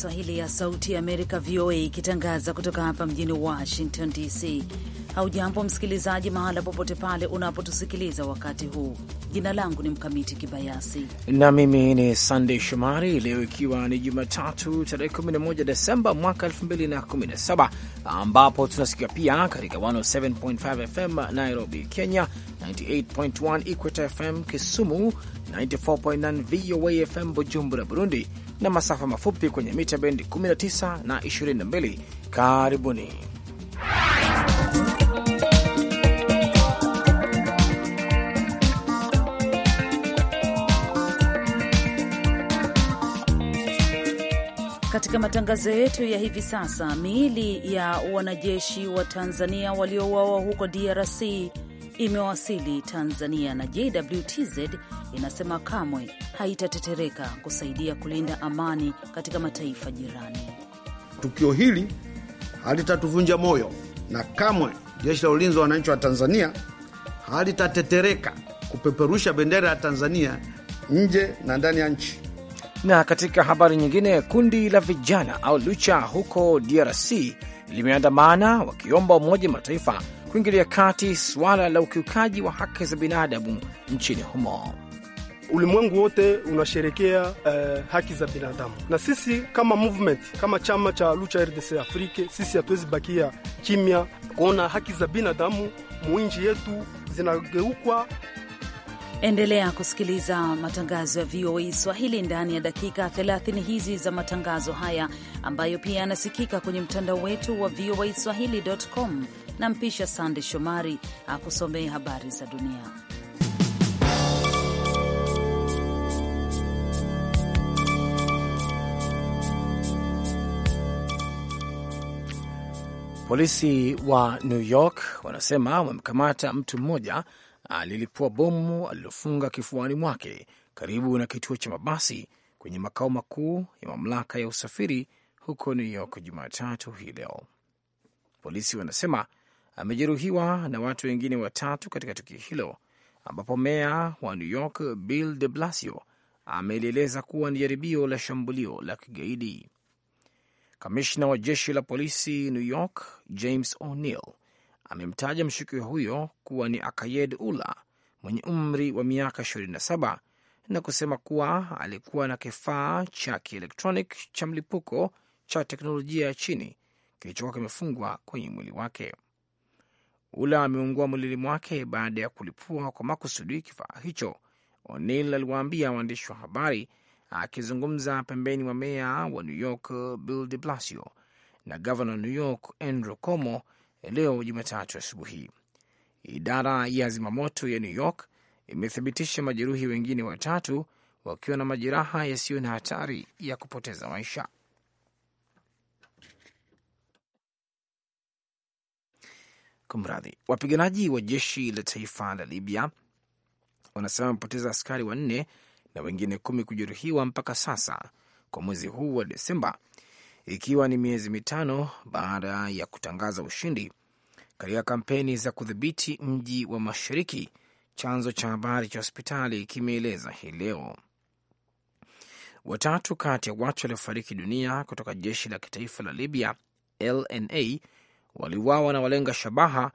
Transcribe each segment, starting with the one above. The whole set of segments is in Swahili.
Kiswahili ya Sauti ya Amerika, VOA, ikitangaza kutoka hapa mjini Washington DC. Haujambo msikilizaji, mahala popote pale unapotusikiliza wakati huu. Jina langu ni Mkamiti Kibayasi na mimi ni Sandey Shomari. Leo ikiwa ni Jumatatu tarehe 11 Desemba mwaka 2017, ambapo tunasikia pia katika 107.5 FM Nairobi, Kenya, 98.1 Equator FM Kisumu, 94.9 VOA FM Bujumbura, Burundi, na masafa mafupi kwenye mita bendi 19 na 22. Karibuni. Katika matangazo yetu ya hivi sasa, miili ya wanajeshi wa Tanzania waliouawa huko DRC imewasili Tanzania na JWTZ inasema kamwe haitatetereka kusaidia kulinda amani katika mataifa jirani. Tukio hili halitatuvunja moyo na kamwe jeshi la ulinzi wa wananchi wa Tanzania halitatetereka kupeperusha bendera ya Tanzania nje na ndani ya nchi. Na katika habari nyingine, kundi la vijana au Lucha huko DRC limeandamana wakiomba Umoja Mataifa kuingilia kati suala la ukiukaji wa haki za binadamu nchini humo. Ulimwengu wote unasherekea uh, haki za binadamu, na sisi kama movement, kama chama cha Lucha RDC Afrique, sisi hatuwezi bakia kimya kuona haki za binadamu muinji yetu zinageukwa. Endelea kusikiliza matangazo ya VOA e Swahili ndani ya dakika 30 hizi za matangazo haya ambayo pia yanasikika kwenye mtandao wetu wa e Swahili.com. Nampisha Sande Shomari akusomee habari za dunia. Polisi wa New York wanasema wamemkamata mtu mmoja alilipua bomu alilofunga kifuani mwake karibu na kituo cha mabasi kwenye makao makuu ya mamlaka ya usafiri huko New York Jumatatu hii leo. Polisi wanasema amejeruhiwa na watu wengine watatu katika tukio hilo, ambapo meya wa New York Bill de Blasio amelieleza kuwa ni jaribio la shambulio la kigaidi. Kamishna wa jeshi la polisi New York James O'Neill amemtaja mshukiwa huyo kuwa ni Akayed Ula mwenye umri wa miaka 27 na kusema kuwa alikuwa na kifaa cha kielektronic cha mlipuko cha teknolojia ya chini kilichokuwa kimefungwa kwenye mwili wake. Ula ameungua mwilili mwake baada ya kulipua kwa makusudi kifaa hicho, O'Neill aliwaambia waandishi wa habari akizungumza pembeni mwa meya wa New York Bill de Blasio na gavana wa New York Andrew Cuomo leo Jumatatu asubuhi. Idara ya zimamoto ya New York imethibitisha majeruhi wengine watatu wakiwa na majeraha yasiyo na hatari ya kupoteza maisha. Kumradhi, wapiganaji wa jeshi la taifa la Libya wanasema wamepoteza askari wanne na wengine kumi kujeruhiwa mpaka sasa kwa mwezi huu wa Desemba, ikiwa ni miezi mitano baada ya kutangaza ushindi katika kampeni za kudhibiti mji wa mashariki. Chanzo cha habari cha hospitali kimeeleza hii leo. Watatu kati ya watu waliofariki dunia kutoka jeshi la kitaifa la Libya LNA waliuawa na walenga shabaha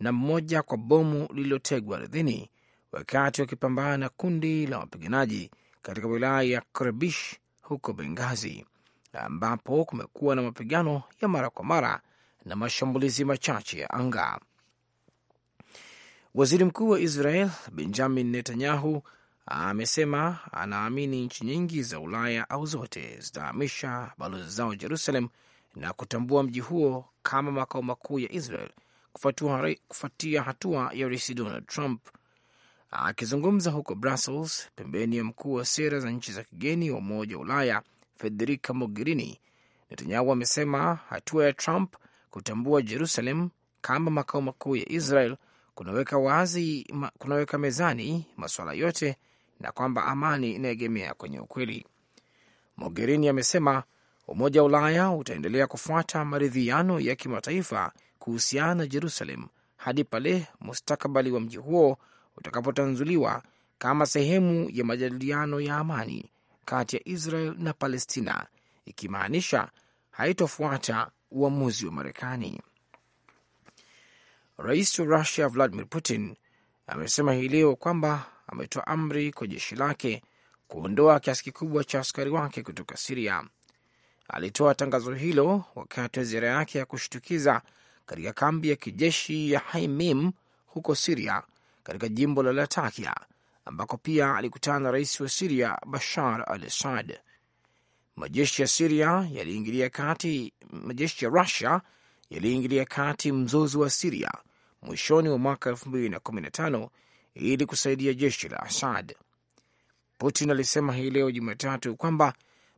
na mmoja kwa bomu lililotegwa ardhini wakati wakipambana na kundi la wapiganaji katika wilaya ya Krebish huko Bengazi, ambapo kumekuwa na mapigano ya mara kwa mara na mashambulizi machache ya anga. Waziri mkuu wa Israel Benjamin Netanyahu amesema anaamini nchi nyingi za Ulaya au zote zitahamisha balozi zao Jerusalem na kutambua mji huo kama makao makuu ya Israel kufuatia hatua ya rais Donald Trump. Akizungumza huko Brussels, pembeni ya mkuu wa sera za nchi za kigeni wa Umoja wa Ulaya Federica Mogherini, Netanyahu amesema hatua ya Trump kutambua Jerusalem kama makao makuu ya Israel kunaweka wazi, kunaweka mezani masuala yote na kwamba amani inaegemea kwenye ukweli. Mogherini amesema Umoja wa Ulaya utaendelea kufuata maridhiano ya kimataifa kuhusiana na Jerusalem hadi pale mustakabali wa mji huo utakapotanzuliwa kama sehemu ya majadiliano ya amani kati ya Israel na Palestina, ikimaanisha haitofuata uamuzi wa Marekani. Rais wa Rusia Vladimir Putin amesema hii leo kwamba ametoa amri kwa jeshi lake kuondoa kiasi kikubwa cha askari wake kutoka Siria Alitoa tangazo hilo wakati wa ziara yake ya kushtukiza katika kambi ya kijeshi ya Haimim huko Siria, katika jimbo la Latakia, ambako pia alikutana na rais wa Siria Bashar al Assad. Majeshi ya Siria yaliingilia kati, majeshi ya Rusia yaliingilia kati mzozo wa Siria mwishoni mwa mwaka 2015 ili kusaidia jeshi la Assad. Putin alisema hii leo Jumatatu kwamba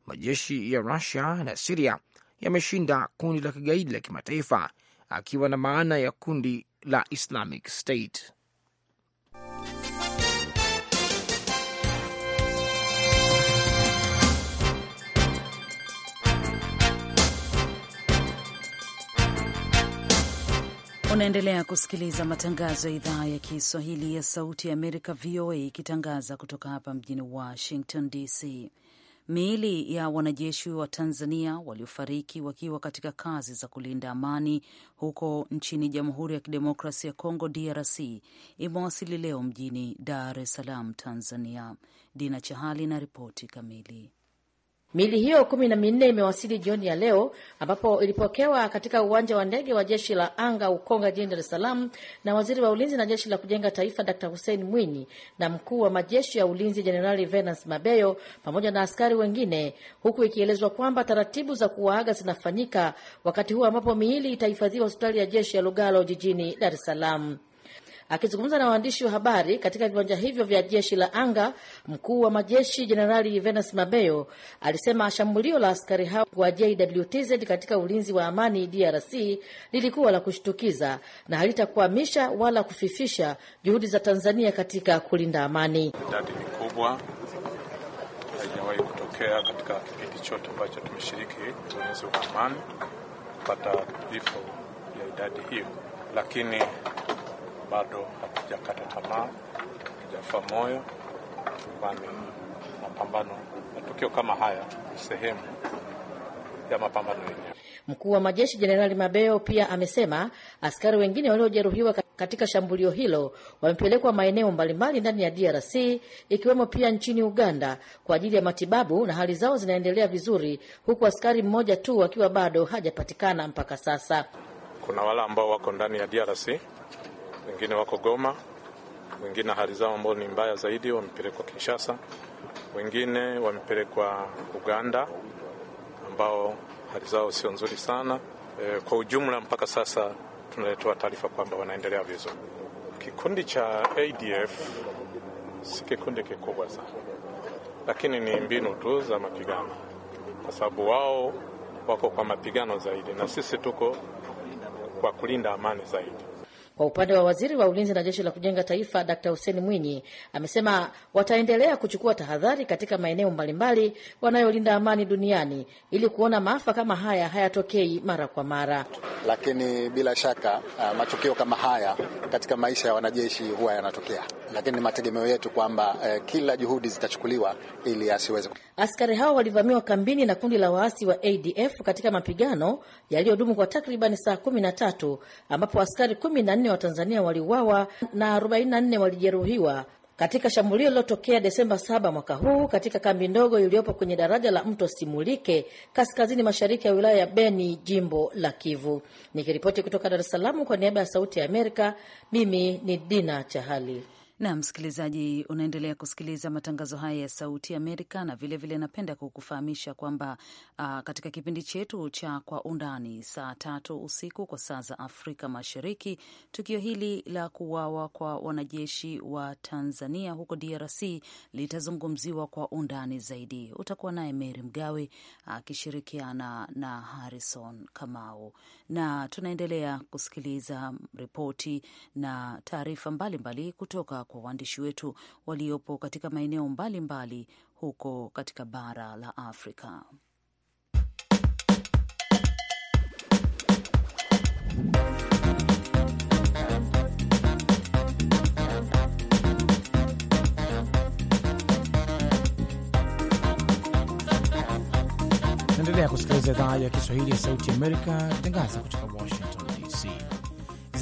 majeshi ya Rusia na Siria yameshinda kundi la kigaidi la kimataifa, akiwa na maana ya kundi la Islamic State. Unaendelea kusikiliza matangazo ya idhaa ya Kiswahili ya Sauti ya Amerika, VOA, ikitangaza kutoka hapa mjini Washington DC. Miili ya wanajeshi wa Tanzania waliofariki wakiwa katika kazi za kulinda amani huko nchini Jamhuri ya Kidemokrasia ya Kongo, DRC, imewasili leo mjini Dar es Salaam, Tanzania. Dina Chahali na ripoti kamili. Miili hiyo kumi na minne imewasili jioni ya leo ambapo ilipokewa katika uwanja wa ndege wa jeshi la anga Ukonga jijini Dar es Salaam na waziri wa ulinzi na jeshi la kujenga taifa dr Hussein Mwinyi na mkuu wa majeshi ya ulinzi Jenerali Venance Mabeyo pamoja na askari wengine, huku ikielezwa kwamba taratibu za kuwaaga zinafanyika wakati huu ambapo miili itahifadhiwa hospitali ya jeshi ya Lugalo jijini Dar es Salaam. Akizungumza na waandishi wa habari katika viwanja hivyo vya jeshi la anga, mkuu wa majeshi Jenerali venus Mabeyo alisema shambulio la askari hao wa JWTZ katika ulinzi wa amani DRC lilikuwa la kushtukiza na halitakwamisha wala kufifisha juhudi za Tanzania katika kulinda amani. Idadi ni kubwa, haijawahi kutokea katika kipindi chote ambacho tumeshiriki ulinzi wa amani kupata vifo vya idadi hiyo, lakini bado hatujakata tamaa, hatujafa moyo, kwani mapambano matukio kama haya ni sehemu ya mapambano yenyewe. Mkuu wa majeshi Jenerali Mabeo pia amesema askari wengine waliojeruhiwa katika shambulio hilo wamepelekwa maeneo mbalimbali ndani ya DRC ikiwemo pia nchini Uganda kwa ajili ya matibabu na hali zao zinaendelea vizuri, huku askari mmoja tu akiwa bado hajapatikana mpaka sasa. Kuna wale ambao wako ndani ya DRC wengine wako Goma, wengine hali zao ambao ni mbaya zaidi wamepelekwa Kinshasa, wengine wamepelekwa Uganda ambao hali zao sio nzuri sana. E, kwa ujumla mpaka sasa tunaletewa taarifa kwamba wanaendelea vizuri. Kikundi cha ADF si kikundi kikubwa sana, lakini ni mbinu tu za mapigano, kwa sababu wao wako kwa mapigano zaidi na sisi tuko kwa kulinda amani zaidi. Kwa upande wa waziri wa ulinzi na jeshi la kujenga taifa, Dkt. Hussein Mwinyi amesema wataendelea kuchukua tahadhari katika maeneo mbalimbali wanayolinda amani duniani ili kuona maafa kama haya hayatokei mara kwa mara. Lakini bila shaka uh, matukio kama haya katika maisha ya wanajeshi huwa yanatokea, lakini ni mategemeo yetu kwamba uh, kila juhudi zitachukuliwa ili asiweze. Askari hao walivamiwa kambini na kundi la waasi wa ADF katika mapigano yaliyodumu kwa takribani saa kumi na tatu ambapo askari kumi na 44 wa Tanzania waliuawa na 44 walijeruhiwa katika shambulio lililotokea Desemba 7 mwaka huu katika kambi ndogo iliyopo kwenye daraja la mto Simulike kaskazini mashariki ya wilaya ya Beni, jimbo la Kivu. Nikiripoti kutoka Dar es Salaam kwa niaba ya Sauti ya Amerika, mimi ni Dina Chahali. Na msikilizaji, unaendelea kusikiliza matangazo haya ya Sauti Amerika, na vilevile vile napenda kukufahamisha kwamba uh, katika kipindi chetu cha Kwa Undani saa tatu usiku kwa saa za Afrika Mashariki, tukio hili la kuuawa kwa wanajeshi wa Tanzania huko DRC litazungumziwa kwa undani zaidi. Utakuwa naye Meri Mgawe akishirikiana uh, na Harrison Kamau, na tunaendelea kusikiliza ripoti na taarifa mbalimbali kutoka kwa waandishi wetu waliopo katika maeneo mbalimbali huko katika bara la Afrika. Endelea kusikiliza idhaa ya Kiswahili ya Sauti Amerika, ikitangaza kutoka Washington DC.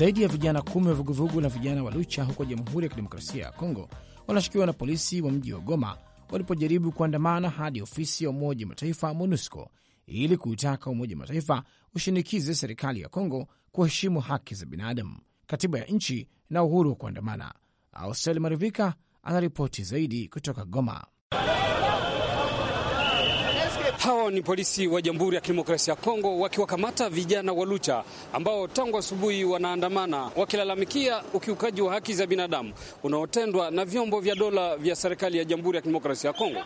Zaidi ya vijana kumi wa vuguvugu la vijana wa Lucha huko Jamhuri ya Kidemokrasia ya Kongo wanashukiwa na polisi wa mji wa Goma walipojaribu kuandamana hadi ofisi ya Umoja Mataifa MONUSCO ili kuitaka Umoja Mataifa ushinikize serikali ya Kongo kuheshimu haki za binadamu, katiba ya nchi na uhuru wa kuandamana. Austel Marivika anaripoti zaidi kutoka Goma. Hawa ni polisi wa Jamhuri ya Kidemokrasia ya Kongo wakiwakamata vijana wa Lucha ambao tangu asubuhi wanaandamana wakilalamikia ukiukaji wa haki za binadamu unaotendwa na vyombo vya dola vya serikali ya Jamhuri ya Kidemokrasia ya Kongo.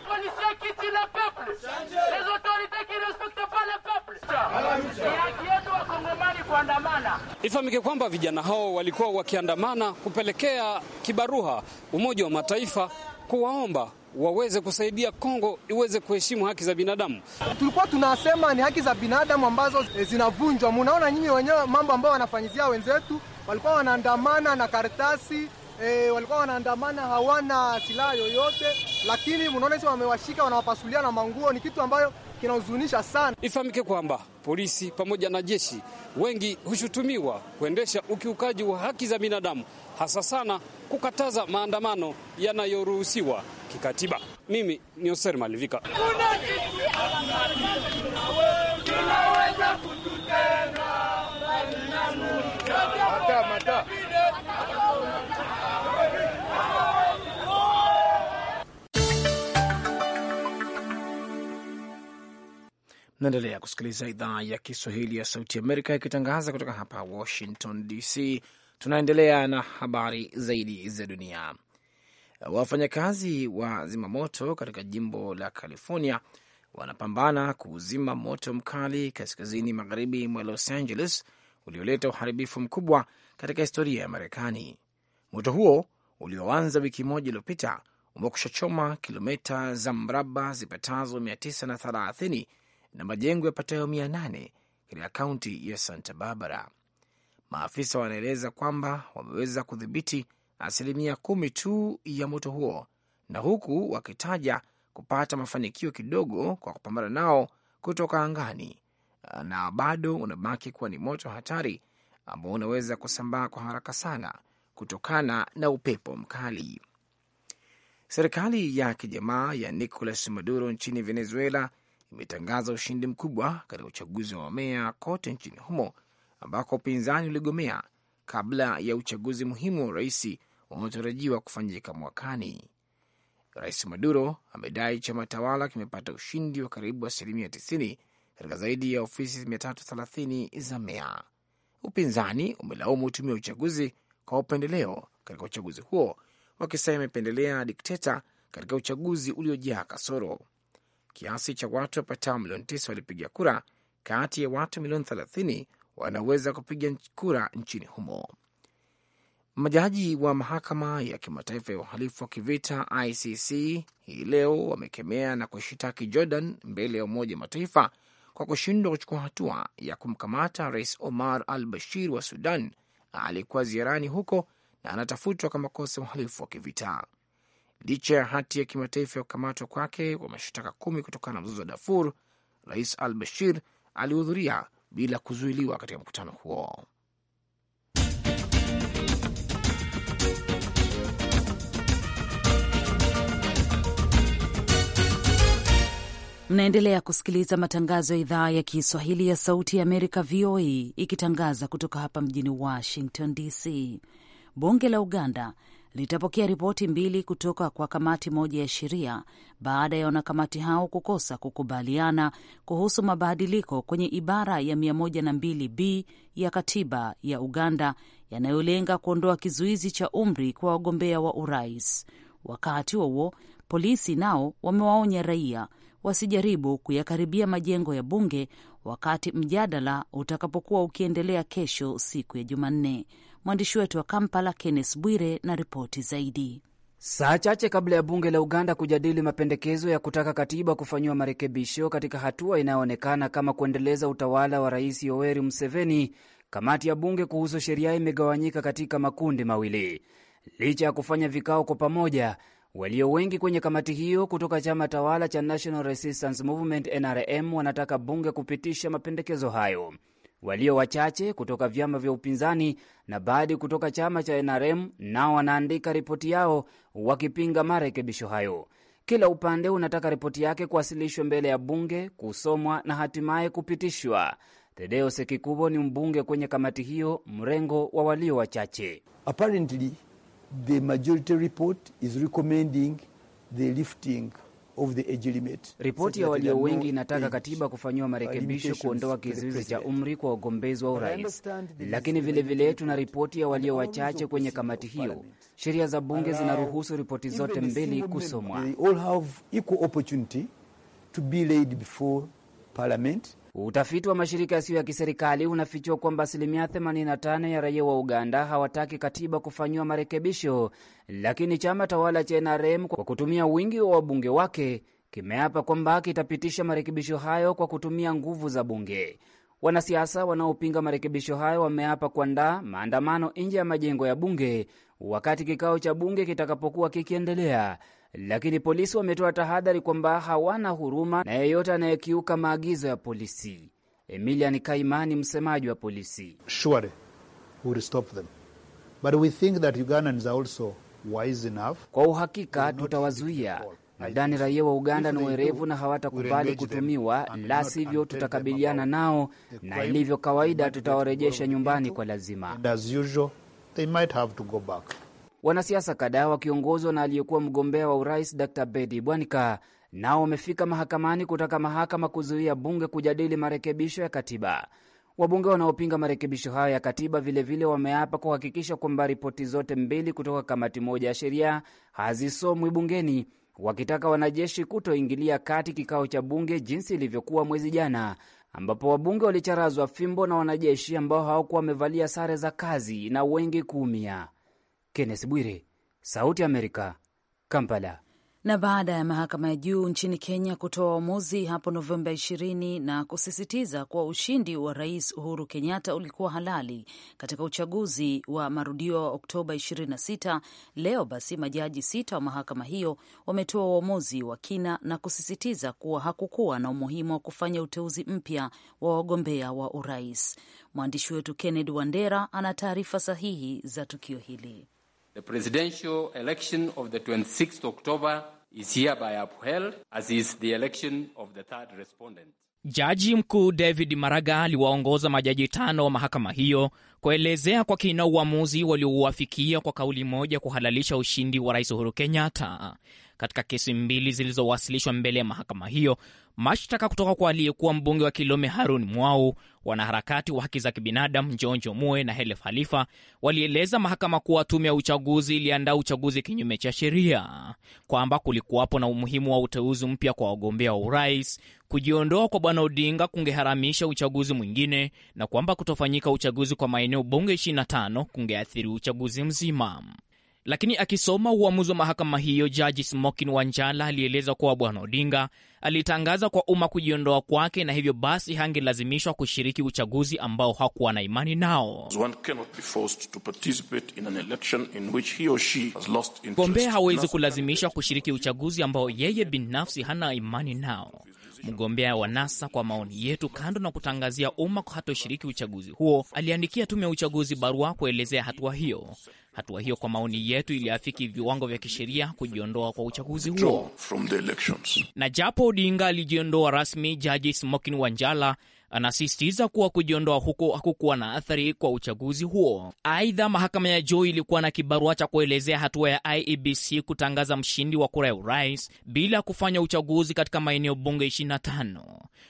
Ifahamike kwamba vijana hao walikuwa wakiandamana kupelekea kibaruha Umoja wa Mataifa kuwaomba waweze kusaidia Kongo iweze kuheshimu haki za binadamu. Tulikuwa tunasema ni haki za binadamu ambazo e, zinavunjwa. Munaona nyinyi wenyewe mambo ambayo wanafanyizia wenzetu, walikuwa wanaandamana na karatasi E, walikuwa wanaandamana hawana silaha yoyote, lakini mnaona hizo wamewashika, wanawapasulia na manguo. Ni kitu ambayo kinahuzunisha sana. Ifahamike kwamba polisi pamoja na jeshi wengi hushutumiwa kuendesha ukiukaji wa haki za binadamu hasa sana kukataza maandamano yanayoruhusiwa kikatiba. Mimi ni Oser Malivika. Naendelea kusikiliza idhaa ya Kiswahili ya Sauti Amerika ikitangaza kutoka hapa Washington DC. Tunaendelea na habari zaidi za dunia. Wafanyakazi wa zimamoto katika jimbo la California wanapambana kuuzima moto mkali kaskazini magharibi mwa Los Angeles ulioleta uharibifu mkubwa katika historia ya Marekani. Moto huo ulioanza wiki moja iliyopita umekusha choma kilomita za mraba zipatazo 930 na majengo yapatayo 800 katika kaunti ya Santa Barbara. Maafisa wanaeleza kwamba wameweza kudhibiti asilimia kumi tu ya moto huo, na huku wakitaja kupata mafanikio kidogo kwa kupambana nao kutoka angani, na bado unabaki kuwa ni moto hatari ambao unaweza kusambaa kwa haraka sana kutokana na upepo mkali. Serikali ya kijamaa ya Nicolas Maduro nchini Venezuela imetangaza ushindi mkubwa katika uchaguzi wa wamea kote nchini humo ambako upinzani uligomea kabla ya uchaguzi muhimu wa urais unaotarajiwa kufanyika mwakani. Rais Maduro amedai chama tawala kimepata ushindi wa karibu asilimia 90 katika zaidi ya ofisi 330 za meya. Upinzani umelaumu utumia uchaguzi kwa upendeleo katika uchaguzi huo, wakisema imependelea dikteta katika uchaguzi uliojaa kasoro. Kiasi cha watu wapatao milioni 9 walipiga kura kati ya watu milioni wanaweza kupiga kura nchini humo. Majaji wa mahakama ya kimataifa ya uhalifu wa kivita ICC hii leo wamekemea na kushitaki Jordan mbele ya Umoja wa Mataifa kwa kushindwa kuchukua hatua ya kumkamata Rais Omar al Bashir wa Sudan aliyekuwa ziarani huko na anatafutwa kwa makosa ya uhalifu wa kivita. Licha ya hati ya kimataifa ya kukamatwa kwake kwa mashtaka kumi kutokana na mzozo wa Darfur, Rais al Bashir alihudhuria bila kuzuiliwa katika mkutano huo. Mnaendelea kusikiliza matangazo ya idhaa ya Kiswahili ya Sauti ya Amerika, VOA, ikitangaza kutoka hapa mjini Washington DC. Bunge la Uganda litapokea ripoti mbili kutoka kwa kamati moja ya sheria baada ya wanakamati hao kukosa kukubaliana kuhusu mabadiliko kwenye ibara ya 102b ya katiba ya Uganda yanayolenga kuondoa kizuizi cha umri kwa wagombea wa urais. Wakati huo polisi nao wamewaonya raia wasijaribu kuyakaribia majengo ya bunge wakati mjadala utakapokuwa ukiendelea kesho siku ya Jumanne. Mwandishi wetu wa Kampala, Kennes Bwire, na ripoti zaidi. Saa chache kabla ya bunge la Uganda kujadili mapendekezo ya kutaka katiba kufanyiwa marekebisho katika hatua inayoonekana kama kuendeleza utawala wa Rais Yoweri Museveni, kamati ya bunge kuhusu sheria imegawanyika katika makundi mawili. Licha ya kufanya vikao kwa pamoja, walio wengi kwenye kamati hiyo kutoka chama tawala cha National Resistance Movement NRM wanataka bunge kupitisha mapendekezo hayo walio wachache kutoka vyama vya upinzani na baadhi kutoka chama cha NRM nao wanaandika ripoti yao wakipinga marekebisho hayo. Kila upande unataka ripoti yake kuwasilishwa mbele ya bunge, kusomwa na hatimaye kupitishwa. Tedeo Sekikubo ni mbunge kwenye kamati hiyo, mrengo wa walio wachache. Apparently the majority report is recommending the lifting Ripoti ya walio wengi inataka katiba kufanyiwa marekebisho kuondoa kizuizi cha umri kwa wagombezi wa urais, lakini vilevile tuna ripoti ya walio wachache kwenye kamati hiyo. Sheria za bunge zinaruhusu ripoti zote mbili kusomwa. Utafiti wa mashirika yasiyo ya kiserikali unafichua kwamba asilimia 85 ya raia wa Uganda hawataki katiba kufanyiwa marekebisho, lakini chama tawala cha NRM kwa kutumia wingi wa wabunge wake kimeapa kwamba kitapitisha marekebisho hayo kwa kutumia nguvu za bunge. Wanasiasa wanaopinga marekebisho hayo wameapa kuandaa maandamano nje ya majengo ya bunge wakati kikao cha bunge kitakapokuwa kikiendelea lakini polisi wametoa tahadhari kwamba hawana huruma na yeyote anayekiuka maagizo ya polisi. Emilian Kaimani, msemaji wa polisi: Surely stop them. But we think that Ugandans are also wise enough. Kwa uhakika tutawazuia Nadhani raia wa Uganda ni werevu na hawatakubali kutumiwa, la sivyo tutakabiliana nao, na ilivyo kawaida tutawarejesha nyumbani kwa lazima. Wanasiasa kadhaa wakiongozwa na aliyekuwa mgombea wa urais Dr Bedi Bwanika nao wamefika mahakamani kutaka mahakama kuzuia bunge kujadili marekebisho ya katiba. Wabunge wanaopinga marekebisho hayo ya katiba vilevile wameapa kuhakikisha kwamba ripoti zote mbili kutoka kamati moja ya sheria hazisomwi bungeni, wakitaka wanajeshi kutoingilia kati kikao cha bunge jinsi ilivyokuwa mwezi jana, ambapo wabunge walicharazwa fimbo na wanajeshi ambao hawakuwa wamevalia sare za kazi na wengi kuumia. Kenneth Bwire, Sauti ya Amerika, Kampala. Na baada ya mahakama ya juu nchini Kenya kutoa uamuzi hapo Novemba 20 na kusisitiza kuwa ushindi wa Rais Uhuru Kenyatta ulikuwa halali katika uchaguzi wa marudio wa Oktoba 26, leo basi majaji sita wa mahakama hiyo wametoa uamuzi wa kina na kusisitiza kuwa hakukuwa na umuhimu wa kufanya uteuzi mpya wa wagombea wa urais. Mwandishi wetu Kennedy Wandera ana taarifa sahihi za tukio hili. The presidential election of the 26th October is hereby upheld as is the election of the third respondent. Jaji mkuu David Maraga aliwaongoza majaji tano wa mahakama hiyo kuelezea kwa kina uamuzi waliouafikia kwa kauli moja kuhalalisha ushindi wa Rais Uhuru Kenyatta katika kesi mbili zilizowasilishwa mbele ya mahakama hiyo, mashtaka kutoka kwa aliyekuwa mbunge wa Kilome Harun Mwau, wanaharakati wa haki za kibinadamu Njonjo Mue na Helef Halifa walieleza mahakama kuwa tume ya uchaguzi iliandaa uchaguzi kinyume cha sheria, kwamba kulikuwapo na umuhimu wa uteuzi mpya kwa wagombea wa urais, kujiondoa kwa Bwana Odinga kungeharamisha uchaguzi mwingine, na kwamba kutofanyika uchaguzi kwa maeneo bunge 25 kungeathiri uchaguzi mzima. Lakini akisoma uamuzi wa mahakama hiyo, jaji Smokin Wanjala alieleza kuwa bwana Odinga alitangaza kwa umma kujiondoa kwake na hivyo basi hangelazimishwa kushiriki uchaguzi ambao hakuwa na imani nao. Mgombea hawezi kulazimishwa kushiriki uchaguzi ambao yeye binafsi hana imani nao. Mgombea wa NASA, kwa maoni yetu, kando na kutangazia umma hatoshiriki uchaguzi huo, aliandikia tume ya uchaguzi barua kuelezea hatua hiyo. Hatua hiyo kwa maoni yetu iliafiki viwango vya kisheria kujiondoa kwa uchaguzi huo, na japo Odinga alijiondoa rasmi, jaji Smokin Wanjala Anasisitiza kuwa kujiondoa huko hakukuwa na athari kwa uchaguzi huo. Aidha, mahakama ya juu ilikuwa na kibarua cha kuelezea hatua ya IEBC kutangaza mshindi wa kura ya urais bila kufanya uchaguzi katika maeneo bunge 25.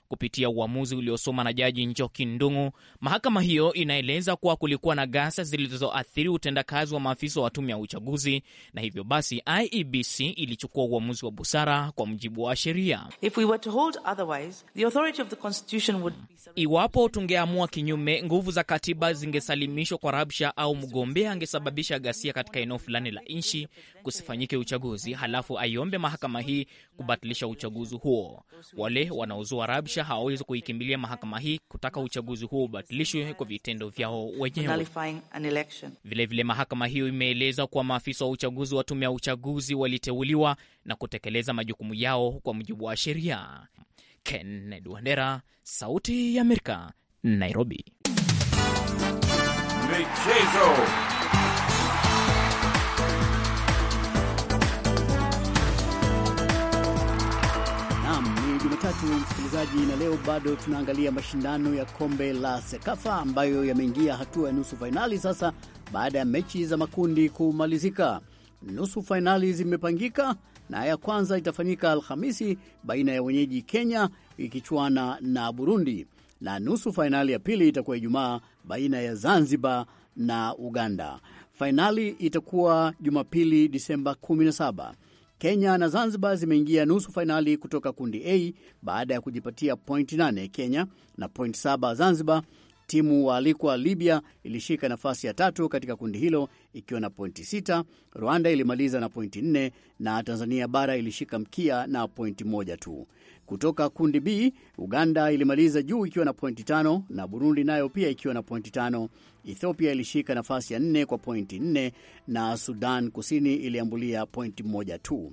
Kupitia uamuzi uliosoma na Jaji Njoki Ndung'u, mahakama hiyo inaeleza kuwa kulikuwa na ghasia zilizoathiri utendakazi wa maafisa wa tume ya uchaguzi, na hivyo basi IEBC ilichukua uamuzi wa busara kwa mujibu wa sheria. Iwapo tungeamua kinyume, nguvu za katiba zingesalimishwa kwa rabsha au mgombea angesababisha ghasia katika eneo fulani la nchi, kusifanyike uchaguzi, halafu aiombe mahakama hii kubatilisha uchaguzi huo. Wale wanaozua rabsha hawawezi kuikimbilia mahakama hii kutaka uchaguzi huo ubatilishwe kwa vitendo vyao wenyewe. Vilevile, mahakama hiyo imeeleza kuwa maafisa wa uchaguzi wa tume ya uchaguzi waliteuliwa na kutekeleza majukumu yao kwa mujibu wa sheria. Kennedy Wandera, Sauti ya Amerika, Nairobi. Michezo. Naam, ni Jumatatu msikilizaji, na leo bado tunaangalia mashindano ya kombe la Sekafa ambayo yameingia hatua ya nusu fainali sasa baada ya mechi za makundi kumalizika. Nusu fainali zimepangika na ya kwanza itafanyika Alhamisi baina ya wenyeji Kenya ikichuana na Burundi, na nusu fainali ya pili itakuwa Ijumaa baina ya Zanzibar na Uganda. Fainali itakuwa Jumapili, Disemba 17. Kenya na Zanzibar zimeingia nusu fainali kutoka kundi A baada ya kujipatia point 8 Kenya na point 7 Zanzibar, Timu waalikwa Libya ilishika nafasi ya tatu katika kundi hilo ikiwa na pointi sita. Rwanda ilimaliza na pointi nne na Tanzania bara ilishika mkia na pointi moja tu. Kutoka kundi B, Uganda ilimaliza juu ikiwa na pointi tano na Burundi nayo pia ikiwa na pointi tano. Ethiopia ilishika nafasi ya nne kwa pointi nne na Sudan Kusini iliambulia pointi moja tu.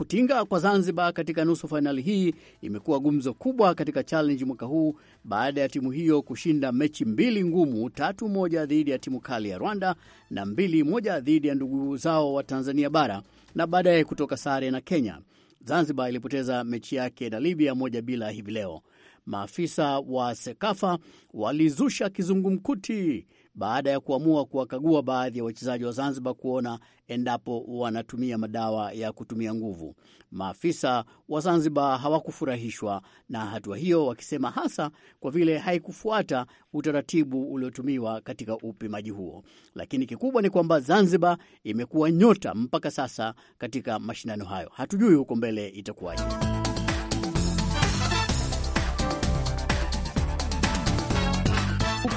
Kutinga kwa Zanzibar katika nusu fainali hii imekuwa gumzo kubwa katika Challenge mwaka huu baada ya timu hiyo kushinda mechi mbili ngumu, tatu moja dhidi ya timu kali ya Rwanda na mbili moja dhidi ya ndugu zao wa Tanzania Bara, na baadaye kutoka sare na Kenya. Zanzibar ilipoteza mechi yake na Libya moja bila hivi leo. Maafisa wa SEKAFA walizusha kizungumkuti baada ya kuamua kuwakagua baadhi ya wachezaji wa Zanzibar kuona endapo wanatumia madawa ya kutumia nguvu. Maafisa wa Zanzibar hawakufurahishwa na hatua hiyo, wakisema hasa kwa vile haikufuata utaratibu uliotumiwa katika upimaji huo. Lakini kikubwa ni kwamba Zanzibar imekuwa nyota mpaka sasa katika mashindano hayo. Hatujui huko mbele itakuwaje.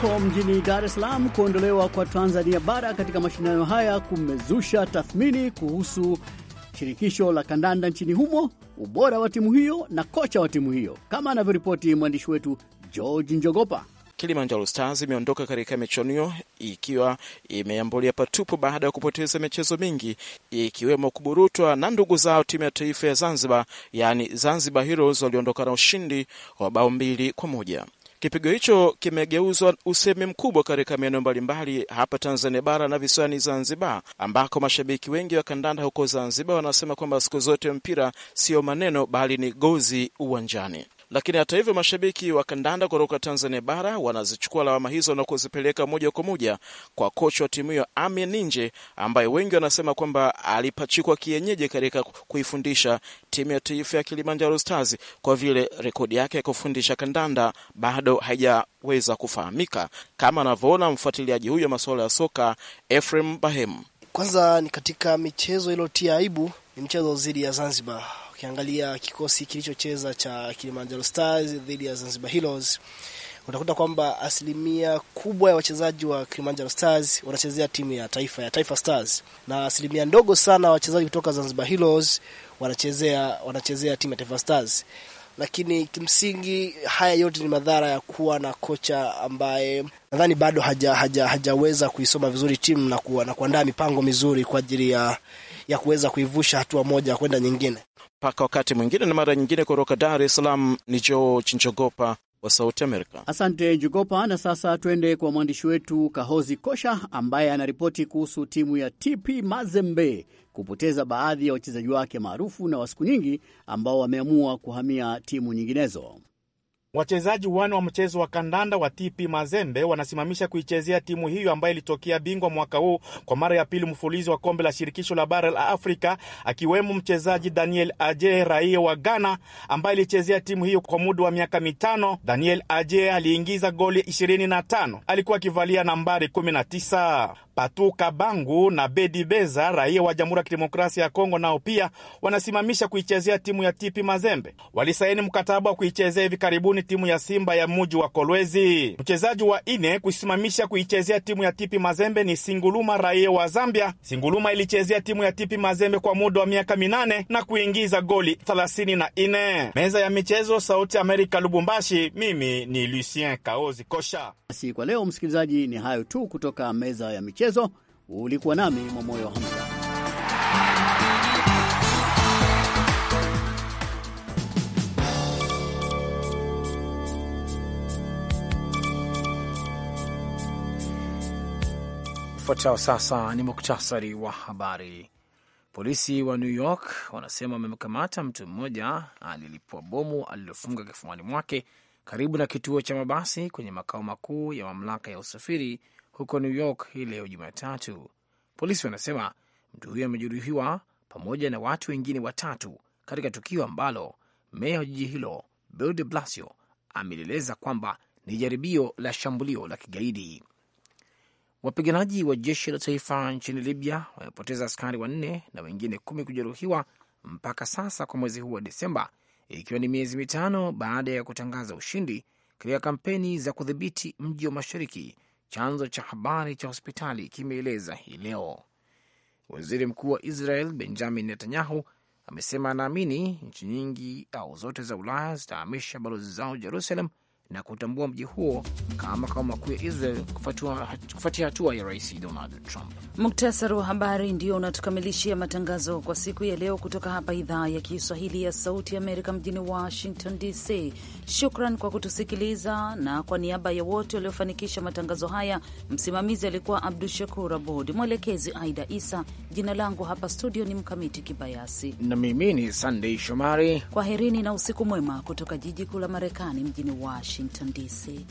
huko mjini Dar es Salaam. Kuondolewa kwa Tanzania bara katika mashindano haya kumezusha tathmini kuhusu shirikisho la kandanda nchini humo, ubora wa timu hiyo na kocha wa timu hiyo, kama anavyoripoti mwandishi wetu George Njogopa. Kilimanjaro Stars imeondoka katika michuano ikiwa imeambulia patupu baada ya kupoteza michezo mingi ikiwemo kuburutwa na ndugu zao timu ya taifa ya Zanzibar, yaani Zanzibar Heroes waliondoka na ushindi wa bao mbili kwa moja. Kipigo hicho kimegeuzwa usemi mkubwa katika maeneo mbalimbali hapa Tanzania bara na visiwani Zanzibar, ambako mashabiki wengi wa kandanda huko Zanzibar wanasema kwamba siku zote mpira siyo maneno, bali ni gozi uwanjani. Lakini hata hivyo, mashabiki wa kandanda kutoka Tanzania bara wanazichukua lawama hizo na kuzipeleka moja kwa moja kwa kocha wa timu hiyo Amin Ninje, ambaye wengi wanasema kwamba alipachikwa kienyeji katika kuifundisha timu ya taifa ya Kilimanjaro Stars, kwa vile rekodi yake ya kufundisha kandanda bado haijaweza kufahamika, kama anavyoona mfuatiliaji huyo masuala ya soka efrem Bahem. Kwanza ni katika michezo iliyotia aibu ni mchezo dhidi ya Zanzibar ukiangalia kikosi kilichocheza cha Kilimanjaro Stars dhidi ya Zanzibar Heroes utakuta kwamba asilimia kubwa ya wachezaji wa Kilimanjaro Stars wanachezea timu ya taifa ya Taifa Stars na asilimia ndogo sana wachezaji kutoka Zanzibar Heroes wanachezea wanachezea timu ya Taifa Stars. Lakini kimsingi haya yote ni madhara ya kuwa na kocha ambaye nadhani bado haja, haja, hajaweza kuisoma vizuri timu na kuandaa mipango mizuri kwa ajili ya ya kuweza kuivusha hatua moja kwenda nyingine. Mpaka wakati mwingine na mara nyingine. Kutoka Dar es Salaam ni George Njogopa wa Sauti Amerika. Asante Njogopa. Na sasa tuende kwa mwandishi wetu Kahozi Kosha ambaye anaripoti kuhusu timu ya TP Mazembe kupoteza baadhi ya wachezaji wake maarufu na wa siku nyingi ambao wameamua kuhamia timu nyinginezo. Wachezaji wane wa mchezo wa kandanda wa TP Mazembe wanasimamisha kuichezea timu hiyo ambayo ilitokea bingwa mwaka huu kwa mara ya pili mfululizo wa kombe la shirikisho la bara la Afrika, akiwemo mchezaji Daniel Aje, raia wa Ghana, ambaye alichezea timu hiyo kwa muda wa miaka mitano. Daniel Aje aliingiza goli 25, alikuwa akivalia nambari 19. Patu Kabangu na Bedi Beza, raia wa Jamhuri ya Kidemokrasia ya Kongo, nao pia wanasimamisha kuichezea timu ya TP Mazembe. Walisaini mkataba wa kuichezea hivi karibuni timu ya Simba ya muji wa Kolwezi. Mchezaji wa ine kusimamisha kuichezea timu ya Tipi Mazembe ni Singuluma, raia wa Zambia. Singuluma ilichezea timu ya Tipi Mazembe kwa muda wa miaka minane na kuingiza goli na ine Meza ya michezo, Sauti Amerika, Lubumbashi. Mimi ni Lucien Kaozi Kosha. Basi kwa leo, msikilizaji, ni hayo tu kutoka meza ya michezo. Ulikuwa nami Mwamoyo Hamza. Ufuatao sasa ni muktasari wa habari. Polisi wa New York wanasema wamemkamata mtu mmoja alilipua bomu alilofunga kifuani mwake karibu na kituo cha mabasi kwenye makao makuu ya mamlaka ya usafiri huko New York hii leo Jumatatu. Polisi wanasema mtu huyo amejeruhiwa pamoja na watu wengine watatu katika tukio ambalo meya wa jiji hilo Bill de Blasio amelieleza kwamba ni jaribio la shambulio la kigaidi. Wapiganaji wa jeshi la taifa nchini Libya wamepoteza askari wanne na wengine kumi kujeruhiwa mpaka sasa kwa mwezi huu wa Desemba, ikiwa ni miezi mitano baada ya kutangaza ushindi katika kampeni za kudhibiti mji wa mashariki. Chanzo cha habari cha hospitali kimeeleza hii leo. Waziri mkuu wa Israel Benjamin Netanyahu amesema anaamini nchi nyingi au zote za Ulaya zitahamisha balozi zao Jerusalem na kutambua mji huo kama makao makuu ya Israel kufuatia hatua ya Rais Donald Trump. Muktasari wa habari ndio unatukamilishia matangazo kwa siku ya leo kutoka hapa idhaa ya Kiswahili ya Sauti ya Amerika mjini Washington DC. Shukran kwa kutusikiliza, na kwa niaba ya wote waliofanikisha matangazo haya, msimamizi alikuwa Abdu Shakur Abud, mwelekezi Aida Isa. Jina langu hapa studio ni Mkamiti Kibayasi na mimi ni Sandei Shomari. Kwaherini na usiku mwema kutoka jiji kuu la Marekani mjini Washington Washington DC.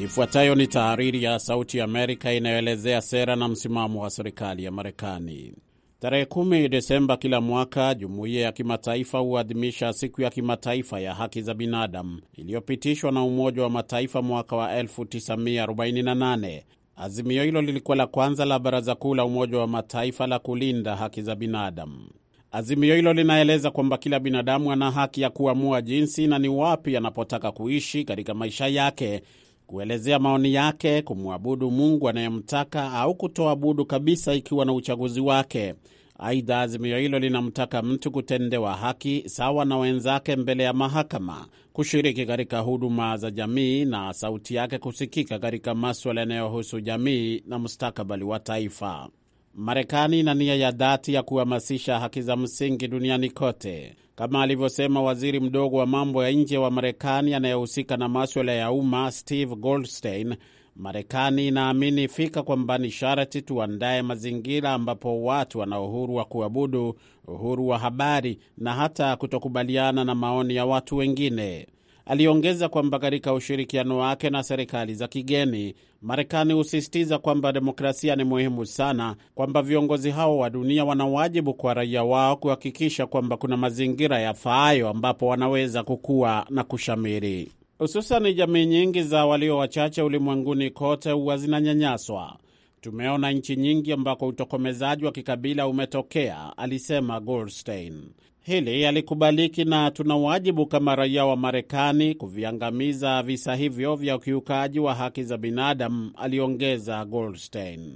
Ifuatayo ni tahariri ya Sauti ya Amerika inayoelezea sera na msimamo wa serikali ya Marekani. Tarehe kumi Desemba kila mwaka jumuiya ya kimataifa huadhimisha siku ya kimataifa ya haki za binadamu iliyopitishwa na Umoja wa Mataifa mwaka wa 1948. Azimio hilo lilikuwa la kwanza la Baraza Kuu la Umoja wa Mataifa la kulinda haki za binadamu. Azimio hilo linaeleza kwamba kila binadamu ana haki ya kuamua jinsi na ni wapi anapotaka kuishi katika maisha yake kuelezea maoni yake, kumwabudu Mungu anayemtaka au kutoabudu kabisa ikiwa na uchaguzi wake. Aidha, azimio hilo linamtaka mtu kutendewa haki sawa na wenzake mbele ya mahakama, kushiriki katika huduma za jamii na sauti yake kusikika katika maswala yanayohusu jamii na mustakabali wa taifa. Marekani ina nia ya dhati ya kuhamasisha haki za msingi duniani kote kama alivyosema waziri mdogo wa mambo ya nje wa Marekani anayehusika na maswala ya umma Steve Goldstein, Marekani inaamini fika kwamba ni sharti tuandaye mazingira ambapo watu wana uhuru wa kuabudu, uhuru wa habari na hata kutokubaliana na maoni ya watu wengine. Aliongeza kwamba katika ushirikiano wake na serikali za kigeni, Marekani husisitiza kwamba demokrasia ni muhimu sana, kwamba viongozi hao wa dunia wana wajibu kwa raia wao kuhakikisha kwamba kuna mazingira yafaayo ambapo wanaweza kukua na kushamiri. Hususan jamii nyingi za walio wachache ulimwenguni kote huwa zinanyanyaswa. Tumeona nchi nyingi ambako utokomezaji wa kikabila umetokea, alisema Goldstein. Hili halikubaliki na tuna wajibu kama raia wa Marekani kuviangamiza visa hivyo vya ukiukaji wa haki za binadamu, aliongeza Goldstein.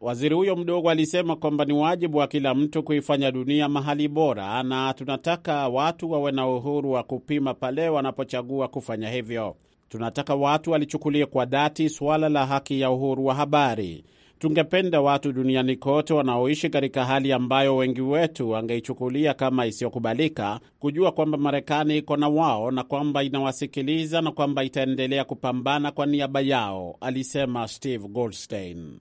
Waziri huyo mdogo alisema kwamba ni wajibu wa kila mtu kuifanya dunia mahali bora, na tunataka watu wawe na uhuru wa kupima pale wanapochagua kufanya hivyo. Tunataka watu walichukulie kwa dhati suala la haki ya uhuru wa habari. Tungependa watu duniani kote wanaoishi katika hali ambayo wengi wetu wangeichukulia kama isiyokubalika kujua kwamba Marekani iko na wao na kwamba inawasikiliza na kwamba itaendelea kupambana kwa niaba yao, alisema Steve Goldstein.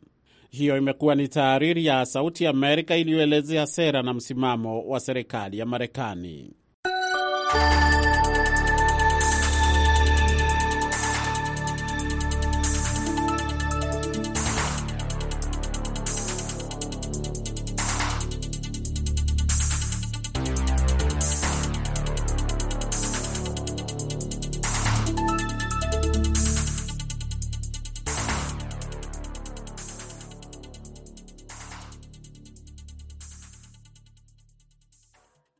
Hiyo imekuwa ni tahariri ya Sauti ya Amerika iliyoelezea sera na msimamo wa serikali ya Marekani.